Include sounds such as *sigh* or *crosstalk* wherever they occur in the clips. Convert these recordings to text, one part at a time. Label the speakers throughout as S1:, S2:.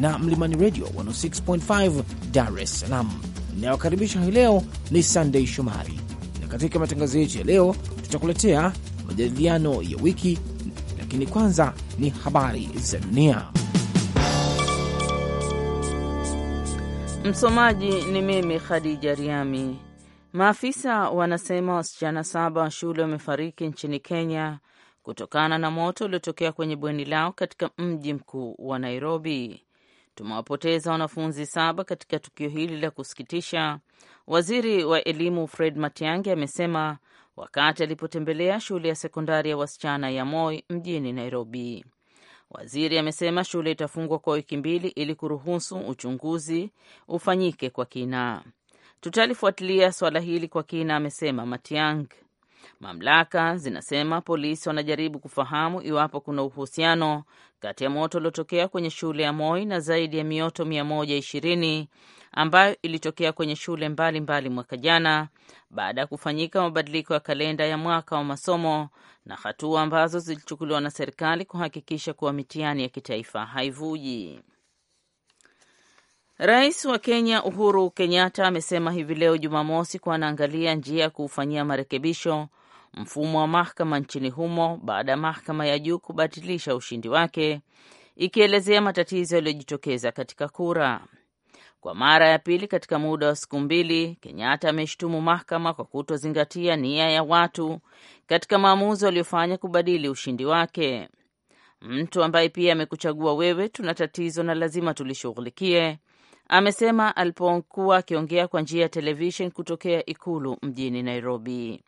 S1: na Mlimani Radio 106.5 Dar es Salaam. Inayokaribisha hii leo ni Sandei Shomari, na katika matangazo yetu ya leo tutakuletea majadiliano ya
S2: wiki, lakini kwanza ni habari za dunia.
S3: Msomaji
S2: ni mimi Khadija Riami. Maafisa wanasema wasichana saba wa shule wamefariki nchini Kenya kutokana na moto uliotokea kwenye bweni lao katika mji mkuu wa Nairobi tumewapoteza wanafunzi saba katika tukio hili la kusikitisha, waziri wa elimu Fred Matiang'i amesema wakati alipotembelea shule ya sekondari ya wasichana ya Moi mjini Nairobi. Waziri amesema shule itafungwa kwa wiki mbili ili kuruhusu uchunguzi ufanyike kwa kina. Tutalifuatilia swala hili kwa kina, amesema Matiang'i. Mamlaka zinasema polisi wanajaribu kufahamu iwapo kuna uhusiano kati ya moto uliotokea kwenye shule ya Moi na zaidi ya mioto 120 ambayo ilitokea kwenye shule mbalimbali mwaka jana baada ya kufanyika mabadiliko ya kalenda ya mwaka wa masomo na hatua ambazo zilichukuliwa na serikali kuhakikisha kuwa mitihani ya kitaifa haivuji. Rais wa Kenya Uhuru Kenyatta amesema hivi leo Jumamosi kuwa anaangalia njia ya kuufanyia marekebisho mfumo wa mahakama nchini humo baada ya mahakama ya juu kubatilisha ushindi wake ikielezea matatizo yaliyojitokeza katika kura. Kwa mara ya pili katika muda wa siku mbili, Kenyatta ameshtumu mahakama kwa kutozingatia nia ya watu katika maamuzi waliofanya kubadili ushindi wake. Mtu ambaye pia amekuchagua wewe, tuna tatizo na lazima tulishughulikie, amesema alipokuwa akiongea kwa njia ya televishen kutokea ikulu mjini Nairobi.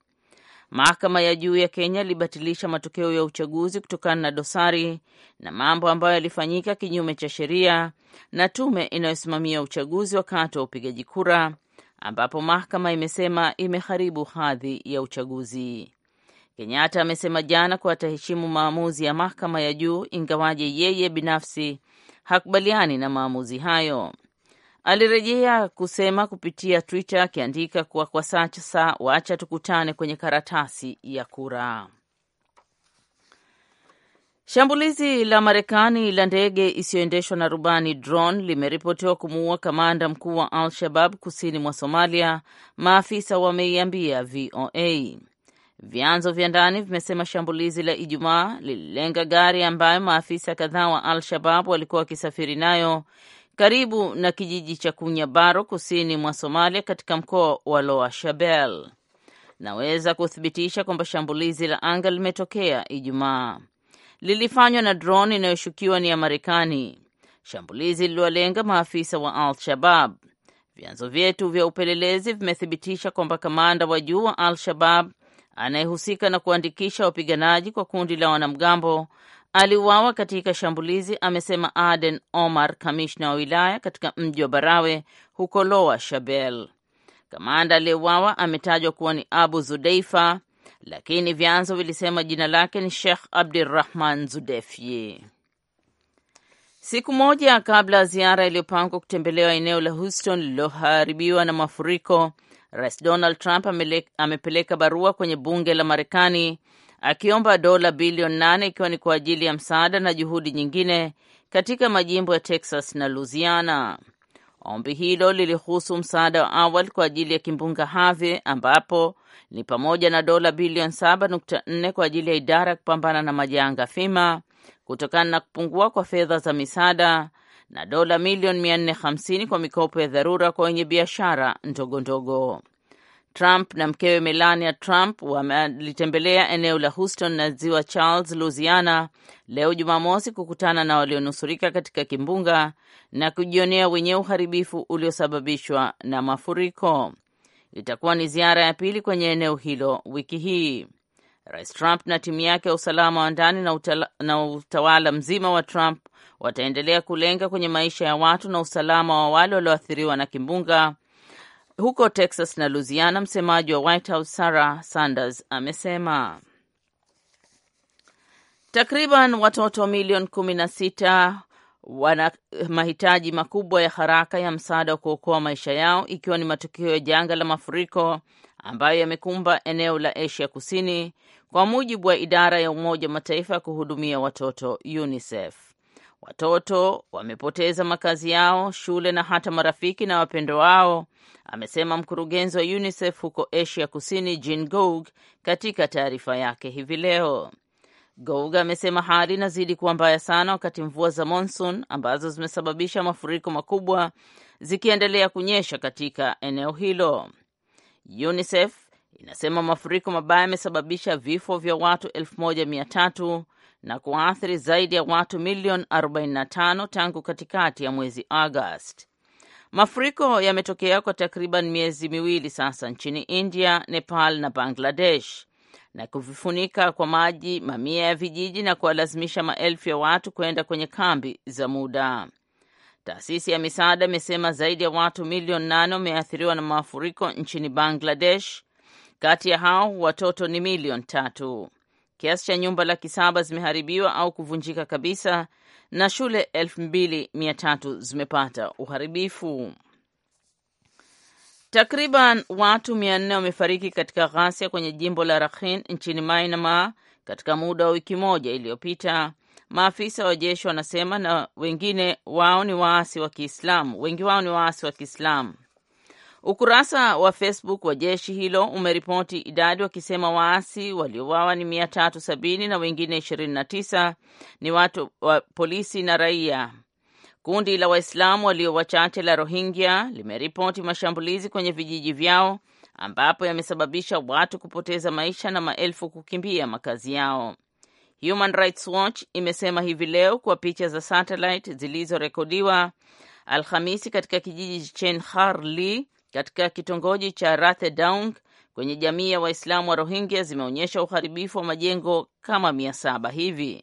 S2: Mahakama ya juu ya Kenya ilibatilisha matokeo ya uchaguzi kutokana na dosari na mambo ambayo yalifanyika kinyume cha sheria na tume inayosimamia uchaguzi wakati wa upigaji kura, ambapo mahakama imesema imeharibu hadhi ya uchaguzi. Kenyatta amesema jana kuwa ataheshimu maamuzi ya mahakama ya juu, ingawaje yeye binafsi hakubaliani na maamuzi hayo. Alirejea kusema kupitia Twitter akiandika kuwa kwa sasa wacha tukutane kwenye karatasi ya kura. Shambulizi la Marekani la ndege isiyoendeshwa na rubani drone limeripotiwa kumuua kamanda mkuu wa Al Shabab kusini mwa Somalia, maafisa wameiambia VOA. Vyanzo vya ndani vimesema shambulizi la Ijumaa lililenga gari ambayo maafisa kadhaa wa Al Shabab walikuwa wakisafiri nayo karibu na kijiji cha Kunyabaro kusini mwa Somalia katika mkoa wa Loa shabel Naweza kuthibitisha kwamba shambulizi la anga limetokea Ijumaa, lilifanywa na dron inayoshukiwa ni ya Marekani. Shambulizi lililolenga maafisa wa Al-Shabab. Vyanzo vyetu vya upelelezi vimethibitisha kwamba kamanda wa juu wa Al-Shabab anayehusika na kuandikisha wapiganaji kwa kundi la wanamgambo aliuawa katika shambulizi, amesema Aden Omar, kamishna wa wilaya katika mji wa Barawe huko Loa shabel Kamanda aliyeuawa ametajwa kuwa ni Abu Zudeifa, lakini vyanzo vilisema jina lake ni Sheikh Abdurrahman Zudefyi. Siku moja kabla ya ziara iliyopangwa kutembelewa eneo la Houston lililoharibiwa na mafuriko, Rais Donald Trump amepeleka barua kwenye bunge la Marekani akiomba dola bilioni nane ikiwa ni kwa ajili ya msaada na juhudi nyingine katika majimbo ya Texas na Louisiana. Ombi hilo lilihusu msaada wa awali kwa ajili ya kimbunga Harvey ambapo ni pamoja na dola bilioni 7.4 kwa ajili ya idara ya kupambana na majanga FEMA kutokana na kupungua kwa fedha za misaada na dola milioni 450 kwa mikopo ya dharura kwa wenye biashara ndogo ndogo. Trump na mkewe Melania Trump walitembelea eneo la Houston na ziwa Charles, Louisiana leo Jumamosi kukutana na walionusurika katika kimbunga na kujionea wenyewe uharibifu uliosababishwa na mafuriko. Itakuwa ni ziara ya pili kwenye eneo hilo wiki hii. Rais Trump na timu yake ya usalama wa ndani na, na utawala mzima wa Trump wataendelea kulenga kwenye maisha ya watu na usalama wa wale walioathiriwa na kimbunga huko Texas na Louisiana. Msemaji wa White House Sarah Sanders amesema takriban watoto milioni kumi na sita wana mahitaji makubwa ya haraka ya msaada wa kuokoa maisha yao ikiwa ni matukio ya janga la mafuriko ambayo yamekumba eneo la Asia Kusini, kwa mujibu wa idara ya Umoja wa Mataifa ya kuhudumia watoto UNICEF. Watoto wamepoteza makazi yao, shule na hata marafiki na wapendo wao, amesema mkurugenzi wa UNICEF huko Asia Kusini Jean gog katika taarifa yake hivi leo. Goug amesema hali inazidi kuwa mbaya sana wakati mvua za monsun ambazo zimesababisha mafuriko makubwa zikiendelea kunyesha katika eneo hilo. UNICEF inasema mafuriko mabaya yamesababisha vifo vya watu elfu moja mia tatu na kuwaathiri zaidi ya watu milioni 45 tangu katikati ya mwezi Agosti. Mafuriko yametokea kwa takriban miezi miwili sasa nchini India, Nepal na Bangladesh na kuvifunika kwa maji mamia ya vijiji na kuwalazimisha maelfu ya watu kwenda kwenye kambi za muda. Taasisi ya misaada imesema zaidi ya watu milioni nane wameathiriwa na mafuriko nchini Bangladesh, kati ya hao watoto ni milioni tatu. Kiasi cha nyumba laki saba zimeharibiwa au kuvunjika kabisa na shule elfu mbili mia tatu zimepata uharibifu. Takriban watu mia nne wamefariki katika ghasia kwenye jimbo la Rakhine nchini Myanmar katika muda wa wiki moja iliyopita, maafisa wa jeshi wanasema, na wengine wao ni waasi wa Kiislamu, wengi wao ni waasi wa Kiislamu. Ukurasa wa Facebook wa jeshi hilo umeripoti idadi wakisema waasi waliouawa ni mia na wengine 29 ni watu wa polisi na raia. Kundi la Waislamu walio wachache la Rohingya limeripoti mashambulizi kwenye vijiji vyao ambapo yamesababisha watu kupoteza maisha na maelfu kukimbia makazi yao. Human Rights Watch imesema hivi leo kuwa picha za satellite zilizorekodiwa Alhamisi katika kijiji Chenharli katika kitongoji cha Rathdowunk kwenye jamii ya Waislamu wa Rohingya zimeonyesha uharibifu wa majengo kama mia saba hivi.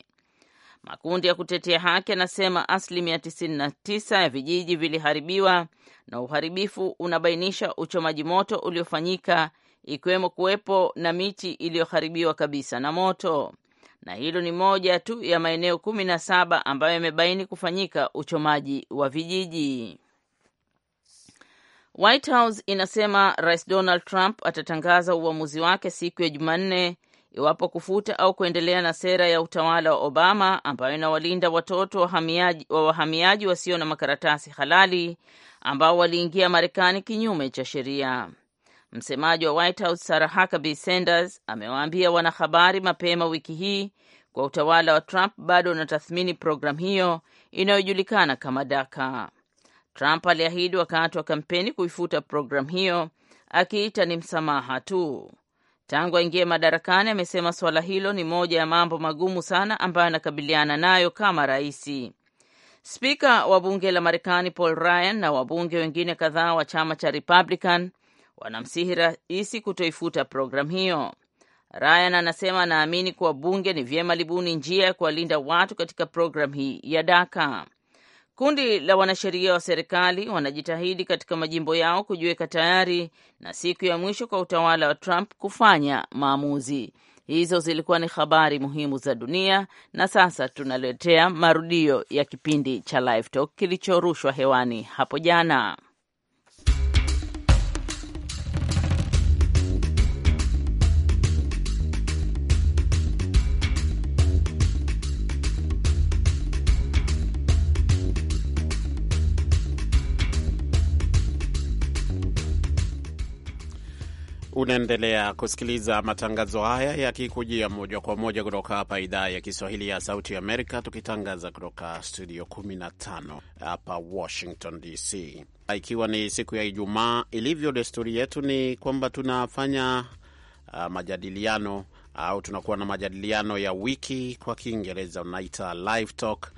S2: Makundi ya kutetea haki yanasema asilimia 99 ya vijiji viliharibiwa na uharibifu unabainisha uchomaji moto uliofanyika, ikiwemo kuwepo na miti iliyoharibiwa kabisa na moto, na hilo ni moja tu ya maeneo 17 ambayo yamebaini kufanyika uchomaji wa vijiji. White House inasema Rais Donald Trump atatangaza uamuzi wake siku ya Jumanne iwapo kufuta au kuendelea na sera ya utawala wa Obama ambayo inawalinda watoto wahamiaji, wa wahamiaji wasio na makaratasi halali ambao waliingia Marekani kinyume cha sheria. Msemaji wa White House Sarah Huckabee Sanders amewaambia wanahabari mapema wiki hii kwa utawala wa Trump bado unatathmini programu hiyo inayojulikana kama DACA. Trump aliahidi wakati wa kampeni kuifuta programu hiyo akiita ni msamaha tu. Tangu aingie madarakani, amesema suala hilo ni moja ya mambo magumu sana ambayo anakabiliana nayo kama raisi. Spika wa bunge la Marekani Paul Ryan na wabunge wengine kadhaa wa chama cha Republican wanamsihi raisi kutoifuta programu hiyo. Ryan anasema anaamini kuwa bunge ni vyema libuni njia ya kuwalinda watu katika programu hii ya daka. Kundi la wanasheria wa serikali wanajitahidi katika majimbo yao kujiweka tayari na siku ya mwisho kwa utawala wa Trump kufanya maamuzi. Hizo zilikuwa ni habari muhimu za dunia, na sasa tunaletea marudio ya kipindi cha Live Talk kilichorushwa hewani hapo jana.
S4: Unaendelea kusikiliza matangazo haya yakikujia moja kwa moja kutoka hapa idhaa ya Kiswahili ya Sauti Amerika, tukitangaza kutoka studio 15 hapa Washington DC, ikiwa ni siku ya Ijumaa. Ilivyo desturi yetu, ni kwamba tunafanya uh, majadiliano au tunakuwa na majadiliano ya wiki, kwa Kiingereza unaita live talk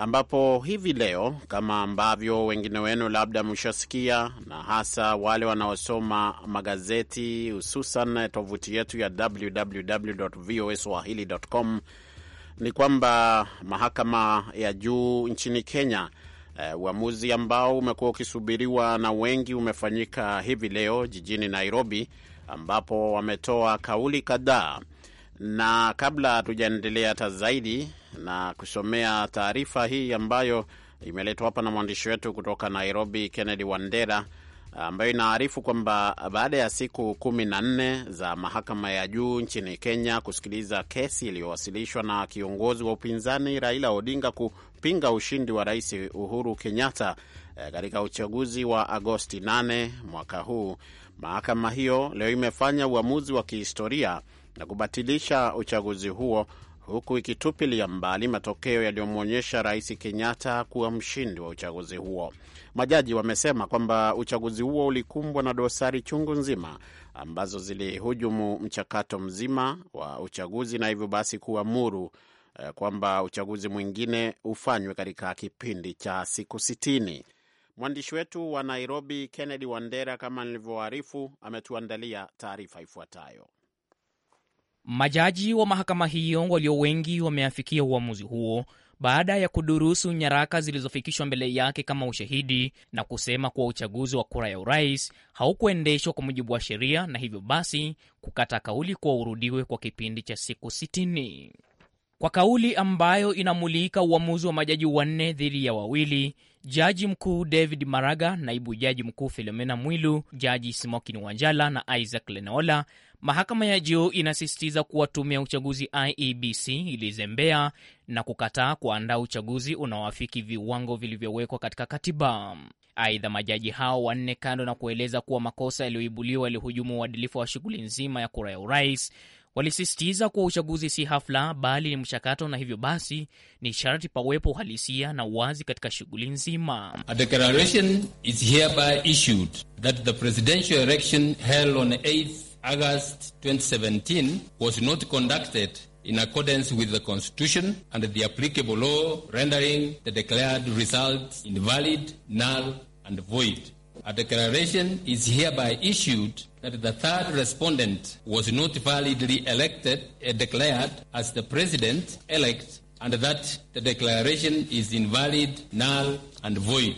S4: ambapo hivi leo kama ambavyo wengine wenu labda mshasikia, na hasa wale wanaosoma magazeti hususan tovuti yetu ya www.voaswahili.com, ni kwamba mahakama ya juu nchini Kenya uh, uamuzi ambao umekuwa ukisubiriwa na wengi umefanyika hivi leo jijini Nairobi, ambapo wametoa kauli kadhaa na kabla hatujaendelea hata zaidi na kusomea taarifa hii ambayo imeletwa hapa na mwandishi wetu kutoka Nairobi, Kennedy Wandera, ambayo inaarifu kwamba baada ya siku kumi na nne za mahakama ya juu nchini Kenya kusikiliza kesi iliyowasilishwa na kiongozi wa upinzani Raila Odinga kupinga ushindi wa Rais Uhuru Kenyatta eh, katika uchaguzi wa Agosti 8 mwaka huu, mahakama hiyo leo imefanya uamuzi wa kihistoria na kubatilisha uchaguzi huo huku ikitupilia mbali matokeo yaliyomwonyesha Rais Kenyatta kuwa mshindi wa uchaguzi huo. Majaji wamesema kwamba uchaguzi huo ulikumbwa na dosari chungu nzima ambazo zilihujumu mchakato mzima wa uchaguzi na hivyo basi kuamuru eh, kwamba uchaguzi mwingine ufanywe katika kipindi cha siku sitini. Mwandishi wetu wa Nairobi, Kennedy Wandera, kama nilivyoarifu, ametuandalia taarifa ifuatayo.
S5: Majaji wa mahakama hiyo walio wengi wameafikia uamuzi huo baada ya kudurusu nyaraka zilizofikishwa mbele yake kama ushahidi na kusema kuwa uchaguzi wa kura ya urais haukuendeshwa kwa mujibu wa sheria na hivyo basi kukata kauli kuwa urudiwe kwa kipindi cha siku sitini. Kwa kauli ambayo inamulika uamuzi wa majaji wanne dhidi ya wawili, jaji mkuu David Maraga, naibu jaji mkuu Filomena Mwilu, jaji Smokin Wanjala na Isaac Lenola Mahakama ya juu inasisitiza kuwa tume ya uchaguzi IEBC ilizembea na kukataa kuandaa uchaguzi unaoafiki viwango vilivyowekwa katika katiba. Aidha, majaji hao wanne, kando na kueleza kuwa makosa yaliyoibuliwa yalihujumu uadilifu wa shughuli nzima ya kura ya urais, walisisitiza kuwa uchaguzi si hafla bali ni mchakato, na hivyo basi ni sharti pawepo uhalisia na uwazi katika shughuli nzima. A
S4: August 2017 was not conducted in accordance with the Constitution and the applicable law, rendering the declared results invalid, null, and void. A declaration is hereby issued that the third respondent was not validly elected, and eh, declared as the president elect, and that the declaration is invalid, null, and void.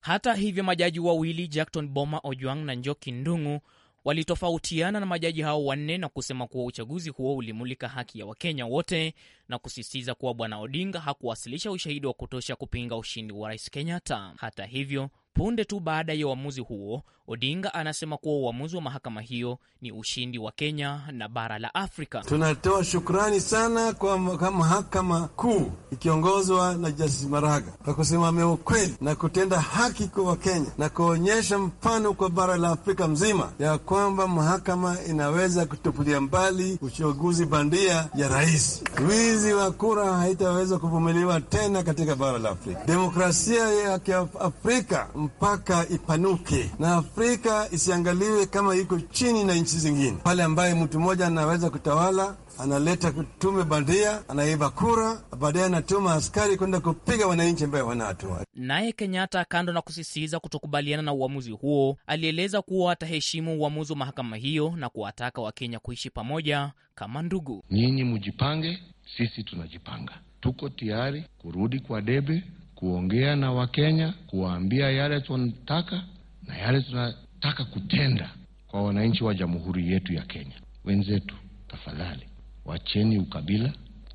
S5: Hata hivyo majaji wawili Jackton Boma Ojuang na Njoki Ndungu walitofautiana na majaji hao wanne na kusema kuwa uchaguzi huo ulimulika haki ya Wakenya wote na kusisitiza kuwa Bwana Odinga hakuwasilisha ushahidi wa kutosha kupinga ushindi wa Rais Kenyatta. Hata hivyo Punde tu baada ya uamuzi huo, Odinga anasema kuwa uamuzi wa mahakama hiyo ni ushindi wa Kenya na bara la Afrika.
S6: Tunatoa shukrani sana kwa mahakama kuu ikiongozwa na Justice Maraga kwa kusimamia ukweli na kutenda haki kwa Wakenya na kuonyesha mfano kwa bara la Afrika mzima ya kwamba mahakama inaweza kutupilia mbali uchaguzi bandia ya rais. Wizi wa kura haitaweza kuvumiliwa tena katika bara la Afrika. Demokrasia ya Afrika mpaka ipanuke na Afrika isiangaliwe kama iko chini na nchi zingine, pale ambaye mtu mmoja anaweza kutawala analeta kutume bandia, anaiba kura, baadaye anatuma askari kwenda kupiga wananchi ambayo wanahatua.
S5: Naye Kenyatta, kando na kusisitiza kutokubaliana na uamuzi huo, alieleza kuwa ataheshimu uamuzi wa mahakama hiyo na kuwataka Wakenya kuishi pamoja kama ndugu. Nyinyi mujipange, sisi tunajipanga, tuko tayari kurudi kwa debe kuongea na Wakenya,
S6: kuwaambia yale tunataka na yale tunataka kutenda kwa wananchi wa
S7: jamhuri yetu ya Kenya. Wenzetu, tafadhali, wacheni ukabila,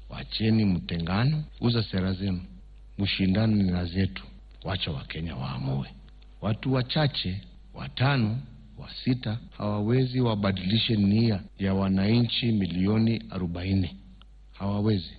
S7: wacheni mtengano, uza sera zenu, mshindane na zetu, wacha Wakenya waamue. Watu wachache
S4: watano wa sita
S7: hawawezi wabadilishe nia ya wananchi milioni arobaini, hawawezi.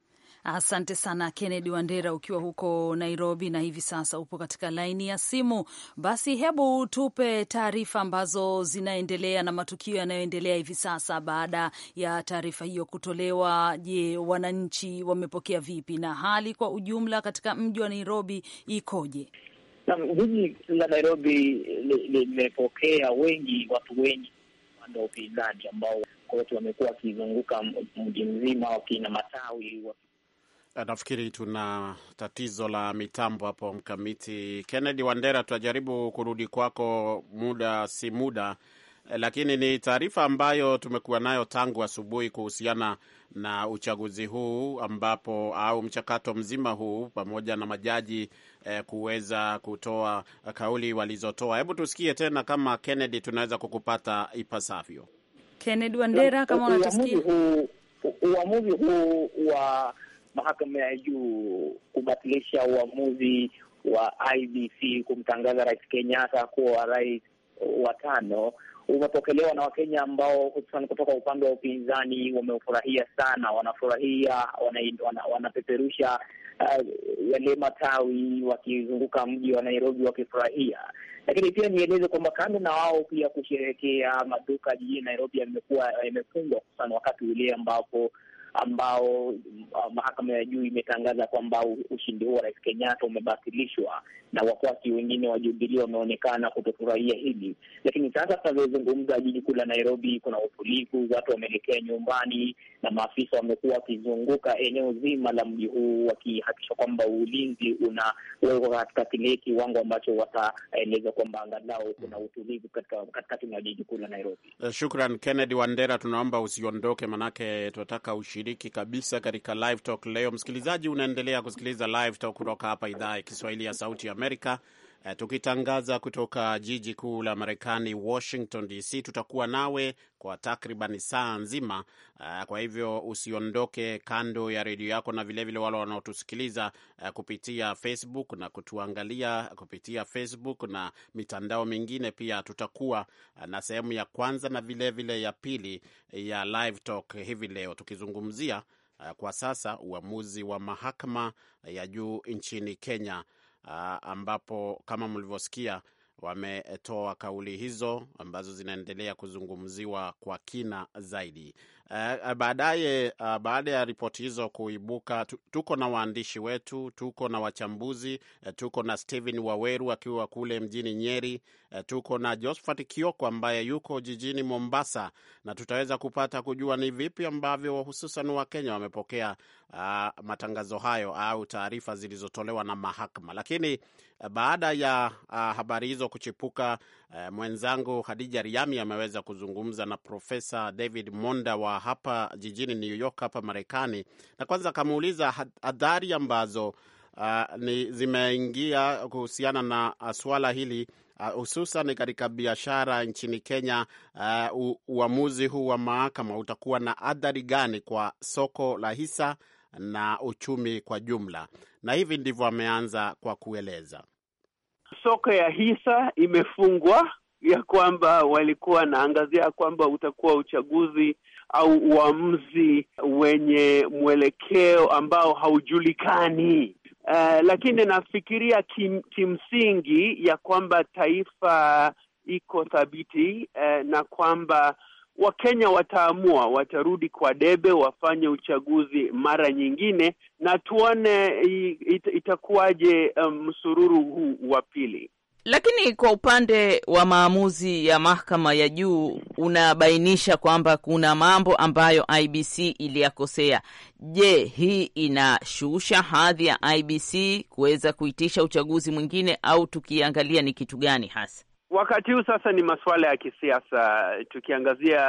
S8: Asante sana Kennedy Wandera, ukiwa huko Nairobi na hivi sasa upo katika laini ya simu. Basi hebu tupe taarifa ambazo zinaendelea na matukio yanayoendelea hivi sasa baada ya taarifa hiyo kutolewa. Je, wananchi wamepokea vipi na hali kwa ujumla katika mji wa Nairobi ikoje?
S7: Jiji la Nairobi limepokea li, li, wengi watu wengi upande wa upinzani ambao wamekuwa wakizunguka mji mzima wakina matawi
S4: Eh, nafikiri tuna tatizo la mitambo hapo, mkamiti Kennedy Wandera, tutajaribu kurudi kwako muda si muda, eh, lakini ni taarifa ambayo tumekuwa nayo tangu asubuhi kuhusiana na uchaguzi huu ambapo au mchakato mzima huu pamoja na majaji eh, kuweza kutoa kauli walizotoa. Hebu tusikie tena kama Kennedy tunaweza kukupata ipasavyo.
S8: Kennedy Wandera, kama unatusikia
S7: uamuzi huu wa mahakama ya juu kubatilisha uamuzi wa IBC kumtangaza Rais Kenyatta kuwa rais wa tano umepokelewa na Wakenya ambao hususan kutoka upande wa upinzani wameufurahia sana. Wanafurahia, wanapeperusha wana, wana uh, yale matawi wakizunguka mji wa Nairobi wakifurahia. Lakini pia nieleze kwamba kando na wao pia kusherehekea, maduka jijini Nairobi yamekuwa yamefungwa, hususan wakati ule ambapo ambao uh, mahakama ya juu imetangaza kwamba ushindi huo Rais Kenyatta umebatilishwa, na wafuasi wengine wa Jubilii wameonekana kutofurahia hili. Lakini sasa tunavyozungumza, jiji kuu la Nairobi kuna utulivu, watu wameelekea nyumbani na maafisa wamekuwa wakizunguka eneo zima la mji huu wakihakikisha kwamba ulinzi unawekwa katika kile kiwango ambacho wataeleza kwamba angalau kuna utulivu katikati mwa jiji kuu la Nairobi.
S4: Eh, shukran Kennedy Wandera, tunaomba usiondoke, manake tunataka ushi kushiriki kabisa katika live talk leo. Msikilizaji, unaendelea kusikiliza live talk kutoka hapa idhaa ya Kiswahili ya Sauti ya Amerika Eh, tukitangaza kutoka jiji kuu la Marekani, Washington DC, tutakuwa nawe kwa takriban saa nzima. Eh, kwa hivyo usiondoke kando ya redio yako, na vilevile wale wanaotusikiliza eh, kupitia Facebook na kutuangalia kupitia Facebook na mitandao mingine, pia tutakuwa na sehemu ya kwanza na vilevile vile ya pili ya live talk hivi leo tukizungumzia kwa sasa uamuzi wa mahakama ya juu nchini Kenya Ah, ambapo kama mlivyosikia wametoa kauli hizo ambazo zinaendelea kuzungumziwa kwa kina zaidi. Uh, baadaye uh, baada ya ripoti hizo kuibuka, tuko na waandishi wetu, tuko na wachambuzi uh, tuko na Steven Waweru akiwa kule mjini Nyeri uh, tuko na Josephat Kioko ambaye yuko jijini Mombasa, na tutaweza kupata kujua ni vipi ambavyo hususan Wakenya wamepokea uh, matangazo hayo au taarifa zilizotolewa na mahakama. Lakini uh, baada ya uh, habari hizo kuchipuka, uh, mwenzangu Hadija Riami ameweza kuzungumza na Profesa David Monda wa hapa jijini New York hapa Marekani, na kwanza akamuuliza hadhari ambazo uh, ni zimeingia kuhusiana na uh, swala hili uh, hususan uh, katika biashara nchini Kenya. Uh, uamuzi huu wa mahakama utakuwa na adhari gani kwa soko la hisa na uchumi kwa jumla? Na hivi ndivyo ameanza kwa kueleza.
S6: Soko ya hisa imefungwa, ya kwamba walikuwa wanaangazia kwamba utakuwa uchaguzi au uamuzi wenye mwelekeo ambao haujulikani. Uh, lakini nafikiria kim, kimsingi ya kwamba taifa iko thabiti uh, na kwamba Wakenya wataamua, watarudi kwa debe, wafanye uchaguzi mara nyingine na tuone it, itakuwaje eh, msururu um, huu wa pili.
S2: Lakini kwa upande wa maamuzi ya mahakama ya juu unabainisha kwamba kuna mambo ambayo IBC iliyakosea. Je, hii inashusha hadhi ya IBC kuweza kuitisha uchaguzi mwingine au tukiangalia ni kitu gani hasa? Wakati huu sasa
S6: ni masuala ya kisiasa. Tukiangazia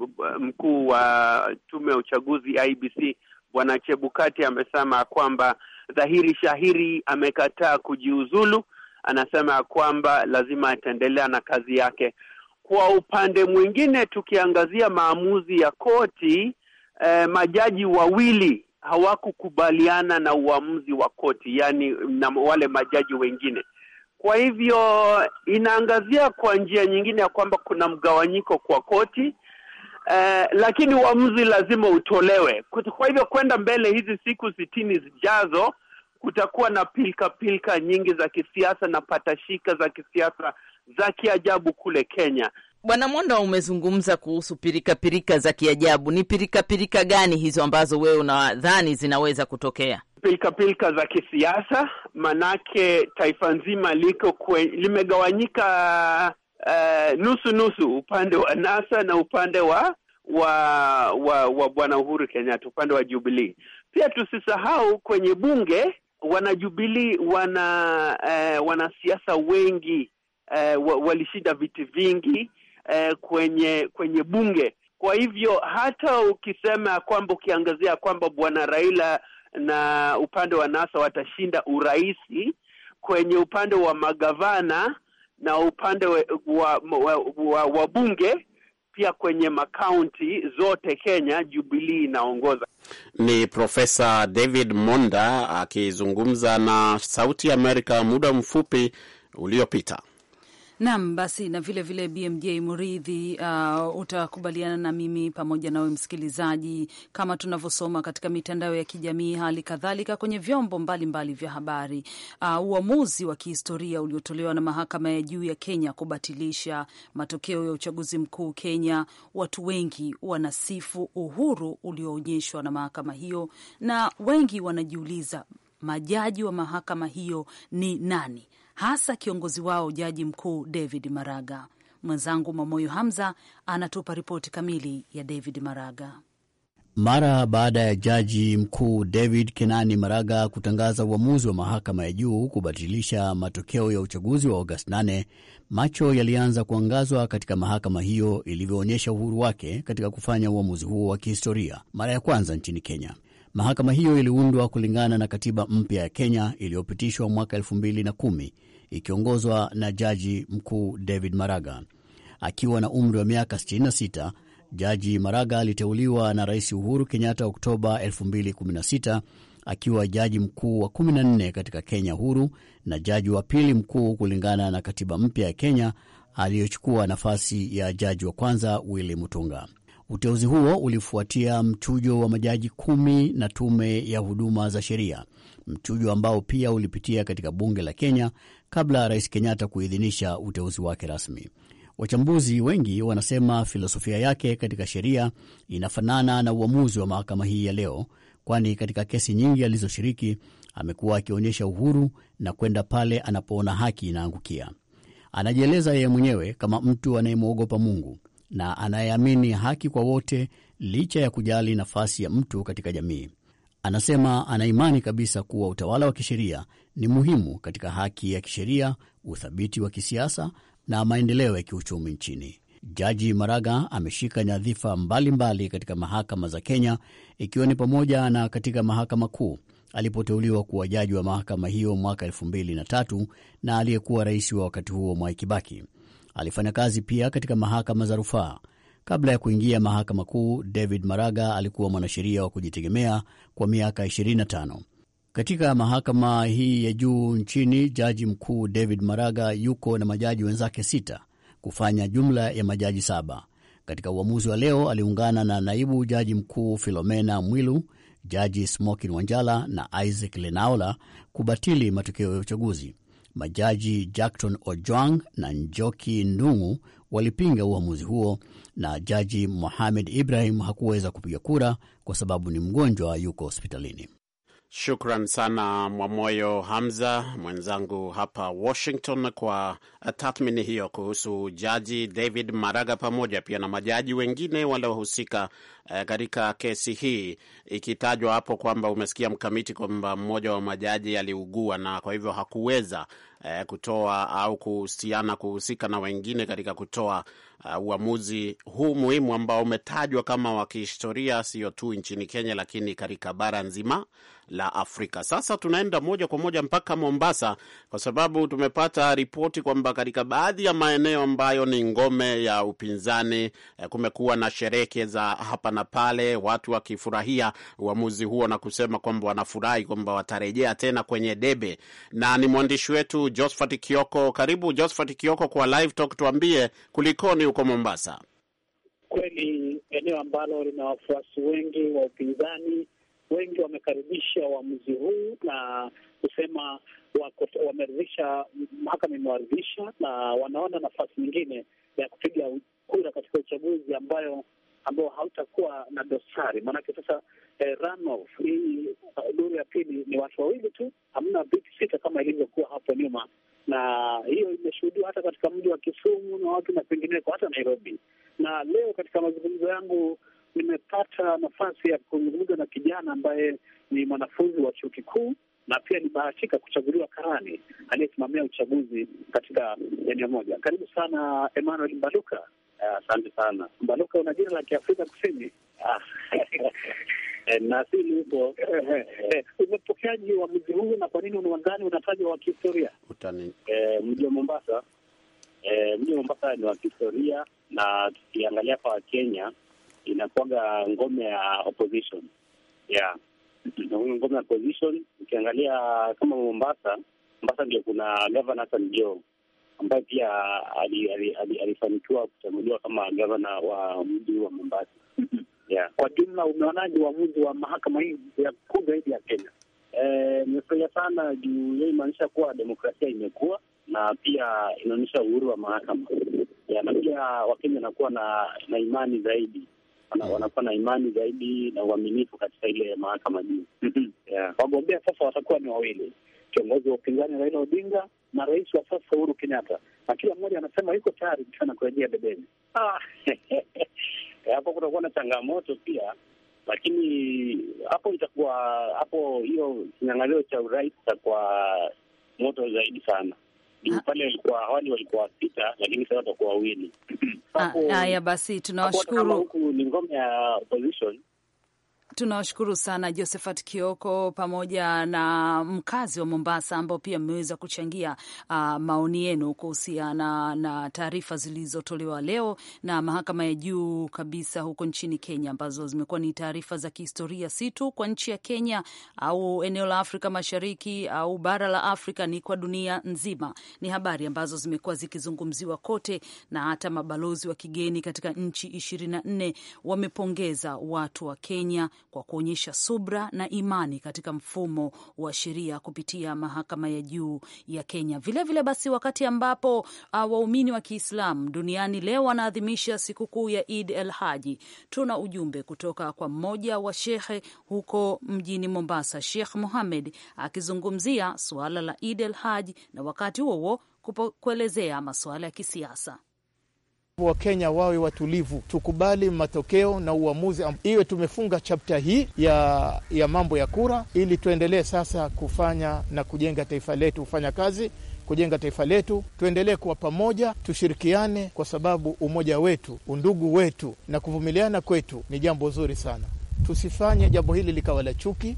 S6: uh, mkuu wa tume ya uchaguzi IBC Bwana Chebukati amesema kwamba dhahiri shahiri amekataa kujiuzulu anasema kwamba lazima ataendelea na kazi yake. Kwa upande mwingine, tukiangazia maamuzi ya koti eh, majaji wawili hawakukubaliana na uamuzi wa koti, yani na wale majaji wengine. Kwa hivyo inaangazia kwa njia nyingine ya kwamba kuna mgawanyiko kwa koti eh, lakini uamuzi lazima utolewe. Kwa hivyo kwenda mbele hizi siku sitini zijazo kutakuwa na pilka pilka nyingi za kisiasa na patashika za kisiasa za kiajabu kule
S2: Kenya. Bwana Monda, umezungumza kuhusu pirika pirika za kiajabu. Ni pirika pirika gani hizo ambazo wewe unadhani zinaweza kutokea? Pilka pilka za
S6: kisiasa, manake taifa nzima liko kwe, limegawanyika uh, nusu nusu, upande wa NASA na upande wa wa wa, wa Bwana Uhuru Kenyatta, upande wa Jubilee. Pia tusisahau kwenye bunge wanajubilii wana eh, wanasiasa wengi eh, wa, walishinda viti vingi eh, kwenye kwenye bunge. Kwa hivyo hata ukisema kwamba ukiangazia kwamba bwana Raila na upande wa NASA watashinda uraisi kwenye upande wa magavana na upande wa, wa, wa, wa, wa bunge pia kwenye makaunti zote Kenya Jubilii
S8: inaongoza.
S4: Ni Profesa David Monda akizungumza na Sauti ya Amerika muda mfupi uliopita.
S8: Naam, basi na vile vile BMJ Muridhi, uh, utakubaliana na mimi pamoja nawe msikilizaji, kama tunavyosoma katika mitandao ya kijamii, hali kadhalika kwenye vyombo mbalimbali vya habari, uh, uamuzi wa kihistoria uliotolewa na mahakama ya juu ya Kenya kubatilisha matokeo ya uchaguzi mkuu Kenya, watu wengi wanasifu uhuru ulioonyeshwa na mahakama hiyo, na wengi wanajiuliza majaji wa mahakama hiyo ni nani hasa kiongozi wao Jaji Mkuu David Maraga. Mwenzangu Mamoyo Hamza anatupa ripoti kamili ya David Maraga.
S3: Mara baada ya jaji mkuu David Kenani Maraga kutangaza uamuzi wa mahakama ya juu kubatilisha matokeo ya uchaguzi wa Agosti 8, macho yalianza kuangazwa katika mahakama hiyo ilivyoonyesha uhuru wake katika kufanya uamuzi huo wa kihistoria mara ya kwanza nchini Kenya. Mahakama hiyo iliundwa kulingana na katiba mpya ya Kenya iliyopitishwa mwaka 21 ikiongozwa na jaji mkuu David Maraga. Akiwa na umri wa miaka 66, Jaji Maraga aliteuliwa na Rais Uhuru Kenyatta Oktoba 2016 akiwa jaji mkuu wa 14 katika Kenya huru na jaji wa pili mkuu kulingana na katiba mpya ya Kenya aliyochukua nafasi ya jaji wa kwanza Willy Mutunga. Uteuzi huo ulifuatia mchujo wa majaji kumi na tume ya huduma za sheria, mchujo ambao pia ulipitia katika bunge la Kenya kabla ya Rais Kenyatta kuidhinisha uteuzi wake rasmi. Wachambuzi wengi wanasema filosofia yake katika sheria inafanana na uamuzi wa mahakama hii ya leo, kwani katika kesi nyingi alizoshiriki amekuwa akionyesha uhuru na kwenda pale anapoona haki inaangukia. Anajieleza yeye mwenyewe kama mtu anayemwogopa Mungu na anayeamini haki kwa wote licha ya kujali nafasi ya mtu katika jamii. Anasema ana imani kabisa kuwa utawala wa kisheria ni muhimu katika haki ya kisheria, uthabiti wa kisiasa na maendeleo ya kiuchumi nchini. Jaji Maraga ameshika nyadhifa mbalimbali katika mahakama za Kenya, ikiwa ni pamoja na katika mahakama kuu alipoteuliwa kuwa jaji wa mahakama hiyo mwaka 2003 na aliyekuwa rais wa wakati huo Mwai Kibaki. Alifanya kazi pia katika mahakama za rufaa. Kabla ya kuingia mahakama kuu, David Maraga alikuwa mwanasheria wa kujitegemea kwa miaka 25. Katika mahakama hii ya juu nchini, jaji mkuu David Maraga yuko na majaji wenzake sita kufanya jumla ya majaji saba. Katika uamuzi wa leo aliungana na naibu jaji mkuu Filomena Mwilu, jaji Smokin Wanjala na Isaac Lenaola kubatili matokeo ya uchaguzi. Majaji Jackton Ojwang na Njoki Ndung'u walipinga uamuzi huo na jaji Mohamed Ibrahim hakuweza kupiga kura kwa sababu ni mgonjwa, yuko hospitalini.
S4: Shukran sana Mwamoyo Hamza, mwenzangu hapa Washington, kwa tathmini hiyo kuhusu jaji David Maraga pamoja pia na majaji wengine waliohusika eh, katika kesi hii, ikitajwa hapo kwamba umesikia mkamiti kwamba mmoja wa majaji aliugua na kwa hivyo hakuweza eh, kutoa au kuhusiana kuhusika na wengine katika kutoa uh, uamuzi huu muhimu ambao umetajwa kama wa kihistoria, sio tu nchini Kenya lakini katika bara nzima la Afrika. Sasa tunaenda moja kwa moja mpaka Mombasa, kwa sababu tumepata ripoti kwamba katika baadhi ya maeneo ambayo ni ngome ya upinzani eh, kumekuwa na sherehe za hapa na pale, watu wakifurahia uamuzi huo na kusema kwamba wanafurahi kwamba watarejea tena kwenye debe. Na ni mwandishi wetu Josphat Kioko. Karibu Josphat Kioko kwa Live Talk, tuambie kulikoni huko Mombasa.
S7: Kweli eneo ambalo lina wafuasi wengi wa upinzani wengi wamekaribisha uamuzi huu na kusema wameridhisha, mahakama imewaridhisha na wanaona nafasi nyingine ya kupiga kura katika uchaguzi ambayo ambao hautakuwa na dosari. Maanake sasa eh, runoff hii eh, duru ya pili ni watu wawili tu, hamna viti sita kama ilivyokuwa hapo nyuma, na hiyo imeshuhudiwa hata katika mji wa Kisumu na watu na pengineko, hata Nairobi. Na leo katika mazungumzo yangu nimepata nafasi ya kuzungumza na kijana ambaye ni mwanafunzi wa chuo kikuu na pia nibahatika kuchaguliwa karani aliyesimamia uchaguzi katika eneo moja. Karibu sana Emmanuel Mbaluka. Ah, asante uh, sana Mbaluka, una jina la Kiafrika Kusini ah, *laughs* na sili huko. *laughs* Umepokeaji wa mji huu na kwa nini unadhani unatajwa wa kihistoria? Eh, mji wa Mombasa, eh, mji wa Mombasa ni wa kihistoria, na tukiangalia kwa Kenya inakuwaga ngome ya opposition yeah. ngome ya opposition ukiangalia kama Mombasa, Mombasa ndio kuna gavana Hassan Joho ambaye pia alifanikiwa kuchaguliwa kama gavana wa mji wa Mombasa. Yeah. Kwa jumla wa uamuzi wa mahakama hii ya kuu zaidi ya Kenya? Eh, nimefurahia e, sana juu hiyo inaonyesha kuwa demokrasia imekuwa na pia inaonyesha uhuru wa mahakama ya, na pia Wakenya wanakuwa na, na imani zaidi wana, mm. wanakuwa na imani zaidi na uaminifu katika ile mahakama juu mm-hmm. yeah. Wagombea sasa watakuwa ni wawili, kiongozi wa upinzani Raila Odinga na rais wa sasa Uhuru Kenyatta, na kila mmoja anasema yuko tayari sana kurejea bebeni. Ah. *laughs* Hapo kutakuwa na changamoto pia, lakini hapo itakuwa hapo, hiyo kinyang'anyiro cha urais itakuwa moto zaidi sana. Ah. pale walikuwa awali walikuwa sita, lakini sasa watakuwa wawili. *clears throat*
S8: Ah, haya basi, tunawashukuru. Huku ni ngome ya opposition Tunawashukuru sana Josephat Kioko pamoja na mkazi wa Mombasa ambao pia mmeweza kuchangia uh, maoni yenu kuhusiana na, na taarifa zilizotolewa leo na mahakama ya juu kabisa huko nchini Kenya ambazo zimekuwa ni taarifa za kihistoria, si tu kwa nchi ya Kenya au eneo la Afrika Mashariki au bara la Afrika, ni kwa dunia nzima. Ni habari ambazo zimekuwa zikizungumziwa kote, na hata mabalozi wa kigeni katika nchi ishirini na nne wamepongeza watu wa Kenya kwa kuonyesha subra na imani katika mfumo wa sheria kupitia mahakama ya juu ya Kenya. Vilevile vile basi, wakati ambapo uh, waumini wa Kiislamu duniani leo wanaadhimisha sikukuu ya Id el Haji, tuna ujumbe kutoka kwa mmoja wa shekhe huko mjini Mombasa, Sheikh Muhamed akizungumzia suala la Id el Haji na wakati huo huo kuelezea masuala ya kisiasa.
S4: Wakenya wawe watulivu, tukubali matokeo na uamuzi, iwe tumefunga chapta hii ya, ya mambo ya kura, ili tuendelee sasa kufanya na kujenga taifa letu, kufanya kazi kujenga taifa letu. Tuendelee kuwa pamoja, tushirikiane, kwa sababu umoja wetu, undugu wetu na kuvumiliana kwetu ni jambo zuri sana. Tusifanye jambo hili likawa la chuki.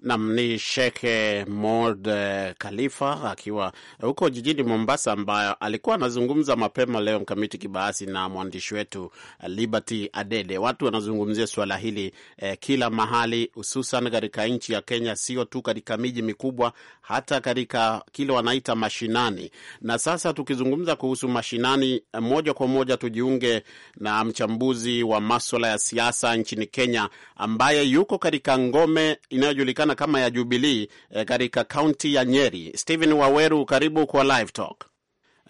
S4: Nam ni Shekhe Mod eh, Khalifa akiwa huko jijini Mombasa, ambayo alikuwa anazungumza mapema leo mkamiti kibaasi na mwandishi wetu eh, Liberty Adede. Watu wanazungumzia suala hili eh, kila mahali, hususan katika nchi ya Kenya, sio tu katika miji mikubwa, hata katika kile wanaita mashinani. Na sasa tukizungumza kuhusu mashinani, eh, moja kwa moja tujiunge na mchambuzi wa maswala ya siasa nchini Kenya ambaye yuko katika ngome inayojulikana inajulikana kama ya Jubilii eh, katika kaunti ya Nyeri. Stephen Waweru, karibu kwa Live Talk.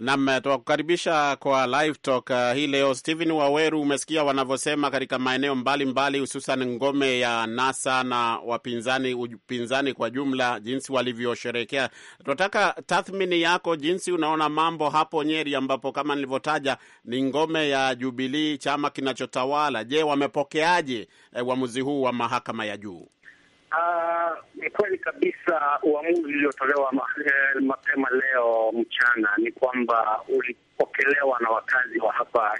S4: Naam, eh, tunakukaribisha kwa Live Talk uh, hii leo. Stephen Waweru, umesikia wanavyosema katika maeneo mbalimbali, hususan ngome ya NASA na wapinzani, upinzani kwa jumla, jinsi walivyosherekea. Tunataka tathmini yako, jinsi unaona mambo hapo Nyeri, ambapo kama nilivyotaja ni ngome ya jubilii chama kinachotawala. Je, wamepokeaje eh, uamuzi huu wa mahakama ya juu?
S7: Ah, ni kweli kabisa uamuzi uliotolewa eh, mapema leo mchana ni kwamba ulipokelewa na wakazi wa hapa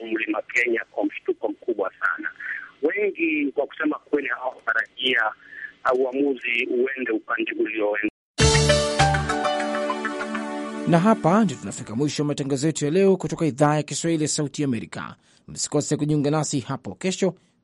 S7: mlima Kenya kwa mshtuko mkubwa sana. Wengi kwa kusema kweli hawakutarajia ah, uamuzi uende upande ulioenda.
S1: Na hapa ndio tunafika mwisho wa matangazo yetu ya leo kutoka idhaa ya Kiswahili ya Sauti Amerika. Msikose kujiunga nasi hapo kesho